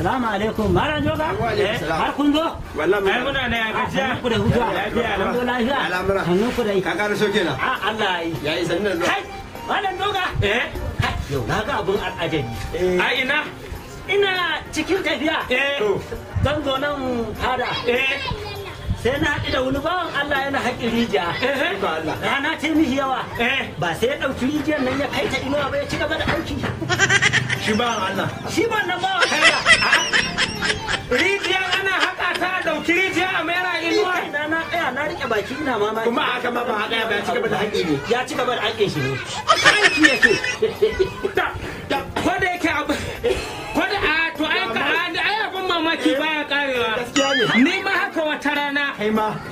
Salamu alaikum, mara joga? Eh, har kun zo? Wallahi mai eh, muna ah, da gajiya. Ku da hutu. Lafiya lau. Ku lafiya. Al'amura. Hannun ku dai. Ka karo so kenan. A ah, Allah yi. Yayi sannan zo. Kai, wannan doga? Eh. Yau na ga abun al'ajabi. Eh. A ina? Ina cikin tafiya. Eh. dan zo nan fada. Eh. sai na haɗu da wani bawan Allah yana haƙin rijiya. Rana ce mishi yawa. Ba sai ya ɗauki rijiyar nan ya kai ta inuwa ba ya ci gaba da aiki. Shi bawan Allah. Shi ba nan bawan Allah. rijiya ana haka ta dauki rijiya a mayara inuwa na na na rike baki ina mama kuma haka ma ba haka ci gaba da haƙi ne ya ci gaba da haƙin shi ne aiki yake ko da yake ko da a to ai ka ai mamaki baya ka ni ma haka wata rana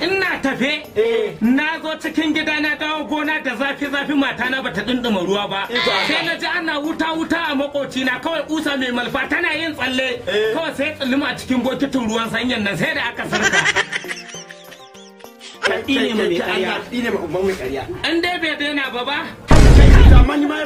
ina tafe eh. na zo cikin gida na dawo gona da zafi zafi mata na bata dindima ruwa eh, ba sai na ji ana wuta wuta a makoci na kawai kusa mai malfa tana yin tsalle eh. kawai sai a cikin bokitin ruwan sanyin nan sai da aka sarka An dai bai daina ba ba? Amma ni ma ya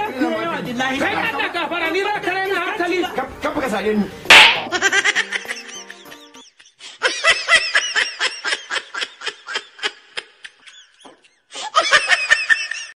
ya fi yawa dillahi kai Allah gafara ni za ka raina hankali ka